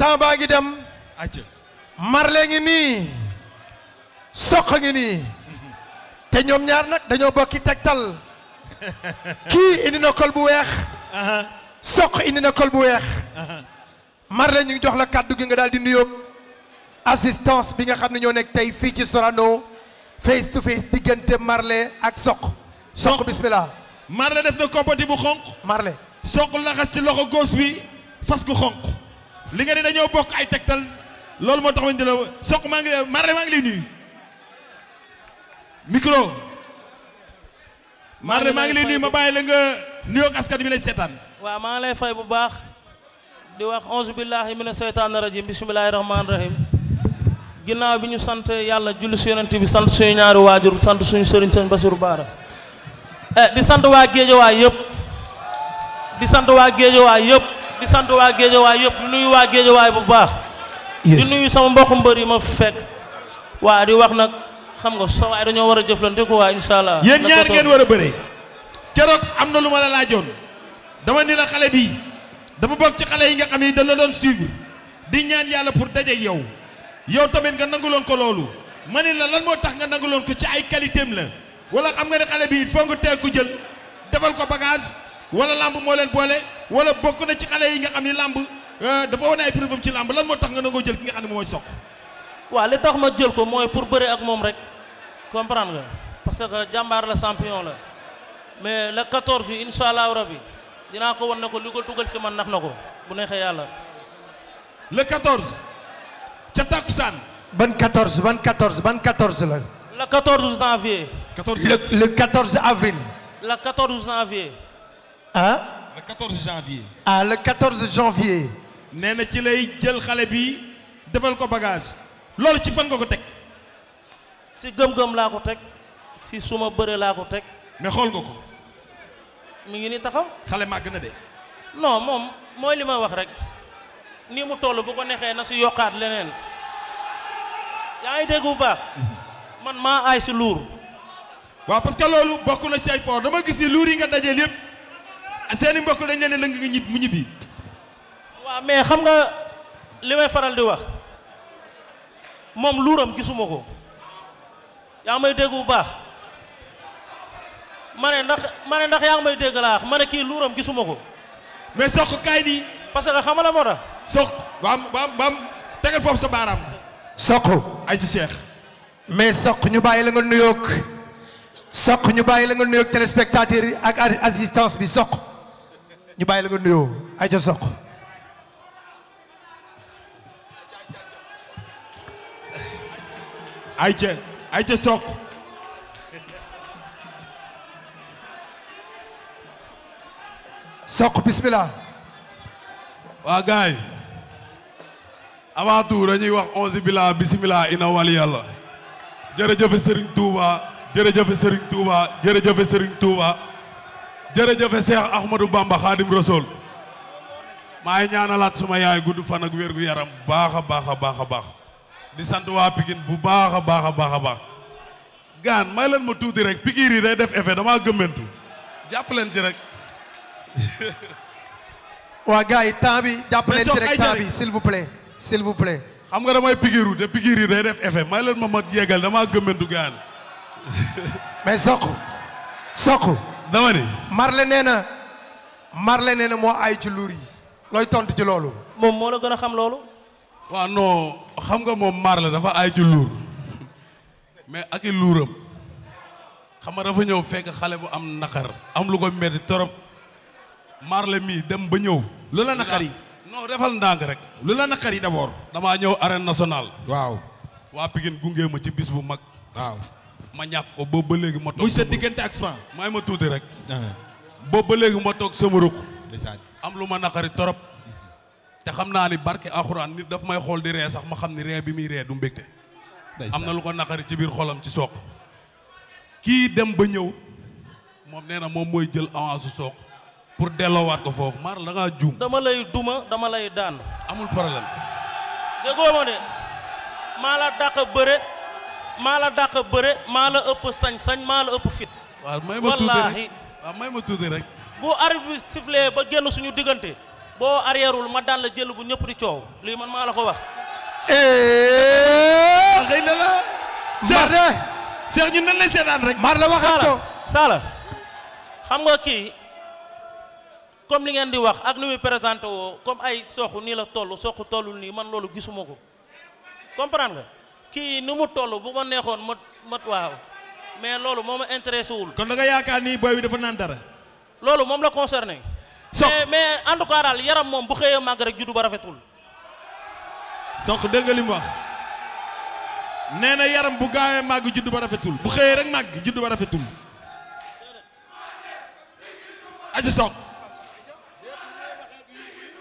temps baa ngi dem. acca marle ngi nii soq ngi nii te ñoom ñaar nag dañoo bokki tegtal kii indi na kol bu weex. soq indi na kol bu weex. marle ñu ngi jox la kàddu gi nga daal di nuyoog assistance bi nga xam ne ñoo nekk tey fii ci Sorano face to face diggante marle ak soq. soq bismillah marle def na kompati bu xonq. marle soq laxas ci loxo góos bi fas gu xonq. li nga ne dañoo bokk ay tektal lolou motax tax ma dina soq ma ngi maré ma ngi ni micro maré ma ngi ni ma bay la nga nuyoog askan bi lay sétane wa ma lay fay bu baax di wax onze billahi mina seytaani rajim bismillahir rahmanir rahim ginaaw biñu sante yalla yàlla su bi sante suñu ñaaru wajur sante suñu sëriñ sëñ bara eh di wa waa wa yeb di wa waa wa yeb di sant waa géejawaay yëpp di nuyu waa waaye bu baax di nuyu sama mboq mbër yi ma fekk waa di wax nag xam nga sa waay dañoo war a jëflante ko waa insha allah yéen ñaar ngeen war a bëree keroog am na lu ma la laajoon dama ni la xale bi dafa bokk ci xale yi nga xam ni dañ la doon suivre di ñaan yàlla pour daje yow yow tamit nga loon ko loolu ma ni la lan moo tax nga nangu loon ko ci ay qualité la wala xam nga ne xale bi il nga teel ko jël defal ko bagage wala lamb mo len bolé wala bokk na ci xalé yi nga xamni lamb euh, dafa wane ay preuve ci lamb lan mo tax nga nga jël ki nga xamni moy mooy wa waaw li tax ma jël ko moy pour bëre ak mom rek comprendre nga parce que jambar la champion la mais le 14 inshallah incha allahu rabi dinaa ko won nako ko li ko dugal si man nax nako bu nexe yalla le 14 ca takusan ban 14 ban 14 ban 14 la le 14 janvier 14 le 14 avril le 14 janvier Hein? le 14 janvier. ah le 14 janvier. nee ci lay jël xalé bi defal ko bagage fais ci fan nga ko tek? si gëm-gëm la ko tek, si suma bëre la ko tek. mais nga ko. mi ni taxaw. non mom moy li ma wax rek Ni mu tollu bu ko nexé na su leneen man parce que bokku na si ay dama gis yi nga seeni mbokk dañ leen lëng nga ñib mu ñibbi. waaw mais xam nga li may faral di wax moom luuram gisuma ko yaa may dégg bu baax mane ne ndax ma ne ndax yaa may dégg laa wax ma kii luuram gisuma ko. mais soq kaay di. parce que xam nga la moo tax. soq baam baam baam foofu sa baaraam. soq. ay ci Cheikh. mais soq ñu bàyyi la nga nuyoog. soq ñu bàyyi la nga nuyoog téléspectateur yi ak assistance bi soq. ñu bàyyi la nga nuyoo soq Sokh Aïcha Aïcha Sokh Sokh bismillah waa gaay avant tout dañuy wax onze billah bismillah ina wali yàlla jërëjëfe Serigne Touba jërëjëfe Serigne Touba jërëjëfe Serigne Touba jërëjëfe Cheikh Ahmadou Bamba Khadim Rasoul may ñaanalat suma yaay gudd fan ak wergu yaram baax a baax baax di sant wa pigine bu baax a baax baax gaan may lan ma tuuti rek pigiri day def effet dama gëmmentu japp len ci rek wa gaay yi temps bi jàpp leen ci rek temps bi s'il vous plaît s'il vous plaît xam nga damaay pigiru te pigiri day def effet may lan ma ma yegal dama gëmmentu gaan mais Sokh Sokh dama ni. Marley nee na Marley nee na moo ay ci luur yi looy tontu ci loolu. moom moo la gën a xam loolu. waa non xam nga moom Marley dafa ay ci luur mais ak i luuram xam nga dafa ñëw fekk xale bu am naqar am lu ko metti torop Marley mii dem ba ñëw. lu la naqar yi non defal ndànk rek. lu la naqar yi d'abord. damaa ñëw arène national waaw. waa Pikine gunge ma ci bis bu mag. waaw. ma ñàkk ko boobu ba léegi ma toog muy sa diggante ak franc may ma tuuti rek ah. boobu ba léegi ma toog sama ruk am lu ma naqari torop te xam naa ni barke alxuraan nit dafa may xool di ree sax ma xam ni ree bi muy ree du mbégte am na lu ko naqari ci biir xolam ci sook kii dem ba ñëw moom nee na moom mooy jël avance sook pour delloowaat ko foofu maar la ngaa juum dama lay duma dama lay daan amul problème déggoo ma de maa la dàq bëre maa la dàq bëre maa la ëpp sañ-sañ maa la ëpp fit. waaw may ma tuuti rek ma tuuti rek. bu arbitre bi ba génn suñu diggante boo arrièreul ma daan la jël bu ñëpp di coow lii man maa la ko wax. Eh, eh, eh, xëy na la. Cheikh Cheikh seetaan rek. Mar la waxaat ko Saala xam nga kii comme li ngeen di wax ak ni muy présenté woo comme ay soxu nii la toll soxu tollu nii man loolu gisuma ko comprendre nga. ki nu mu tollu bu ma neexoon mat mat waaw mais lolu moma intéressé wul. kon da nga yaakaar ni boy bi dafa nan dara. lolu mom la concerné. so mais en tout cas dal yaram mom bu xeyo mag rek juddu ba rafetul. sox deug li mu wax neena yaram bu gaawee mag juddu ba rafetul bu xëyee rek mag juddu ba rafetul. aji sox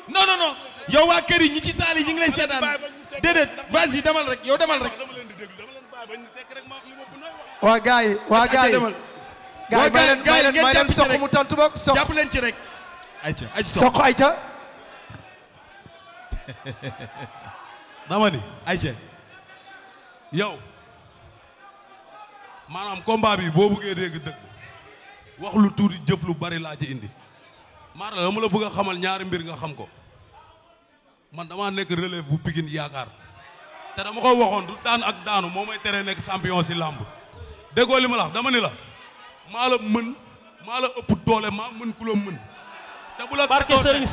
non non non yow wa keri ñi ci saal yi ngi lay sétane déedéet vas-y demal rek yow demal rek. waa gars yi waa gars yi. waa gars yi gars yi ngeen jàpp ci rek mu tontu bokk soq. jàpp leen ci rek. ayca soq soq ayca. dama ayca. yow. maanaam combat bi boo buggee dégg dëgg wax lu tuuti jëf lu bari laa ci indi. maanaam dama la bëgg xamal ñaari mbir nga xam ko. man damaa nekk relève bu Pikine yaakaar te dama ko waxoon du daan ak daanu moo may teree nekk champion si làmb déggoo li ma la dama ni la maa la mën maa la ëpp doole maa mën ku la mën. te bu la 14 barke Serigne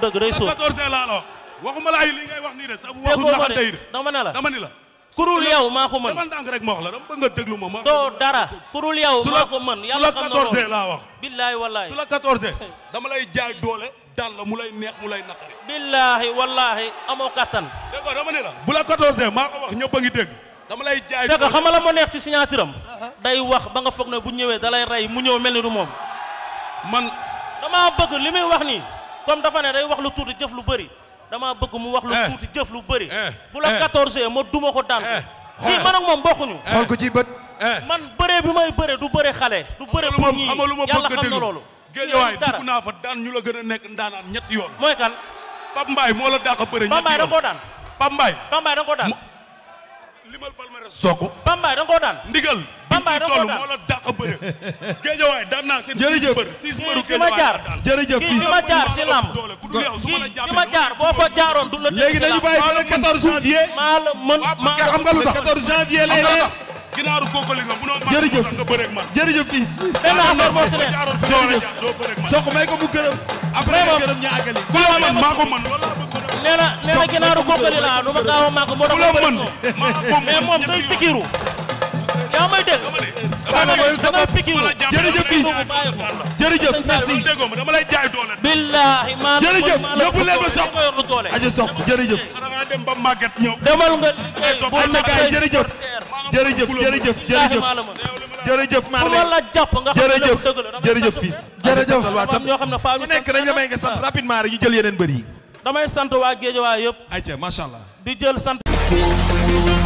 dëgg day sóor 14 laa wax waxuma la ay wax nii sa bu waxul naxante yi de dama ne la dama ni la. kurul yow maa ko mën dama ndànk ma ma. ma doo dara kurul yow maa ko na loolu su la 14 laa wax. billaay wallaay su la 14 dama lay jaay doole. daan la mu lay neex mu lay naqari. billaahi wallaahi amoo kattan. dégg nga dama ne la bu la 14 maa ko wax ñëpp a ngi dégg. dama lay jaay c'est que xam neex ci signature uh-huh. day wax ba nga foog ne bu ñëwee da lay rey mu ñëw mel ni du moom. man damaa bëgg li muy wax nii comme dafa ne day wax lu tuuti jëf lu bëri damaa bëgg mu wax lu eh. tuuti jëf lu bëri. Eh. bu la 14 eh. ma duma ko daan ko. kii man ak moom bokkuñu. xool ko ci bët. man bëree bi may bëree du bëre xale. du bëre pour ñii yàlla géejawaay dugg naa fa daan ñu la gën a nekk ndaanaan ñetti yoon. mooy kan. Pape moo la dàq bëre ñetti yoon Pape Mbaye da nga koo daan. Pape Mbaye. Pape Mbaye da nga koo daan. limal palmarès soog. Pape da nga koo daan. ndigal. Pape Mbaye da nga koo daan moo la dàq bëre. géejawaay daan naa seen. jërëjëf six mbëru géejawaay daan jërëjëf fii fi ma jaar si làmb fi ma jaar boo fa jaaroon du la léegi dañu bàyyi le la mën maa la xam nga lu tax janvier lay leer ginaaru kooku li nga munoo mën jërëjëf jërëjëf fii. jërëjëf sox may ko bu gërëm. après la mën maa ko mën loolu laa a. nee na nee na ginaaru kooku li laa nu ma gaaw a màgg moo tax ma bëri ko mais moom day pikiru. yaa may dégg. sama boy sama pikiru jërëjëf fii jërëjëf merci. dama lay jaay doole. billaahi maa ngi koy maa jërëjëf jërëjëf jërëjëf jërëjëf Marley su ma la jàpp nga xam ne lépp dëgg la jërëjëf fils am ñoo xam ne faa ñu sant nekk dañ la may nga sant rapidement rek ñu jël yeneen bëri yi damay sant waa Géejawaay yëpp ayca macha allah di jël sant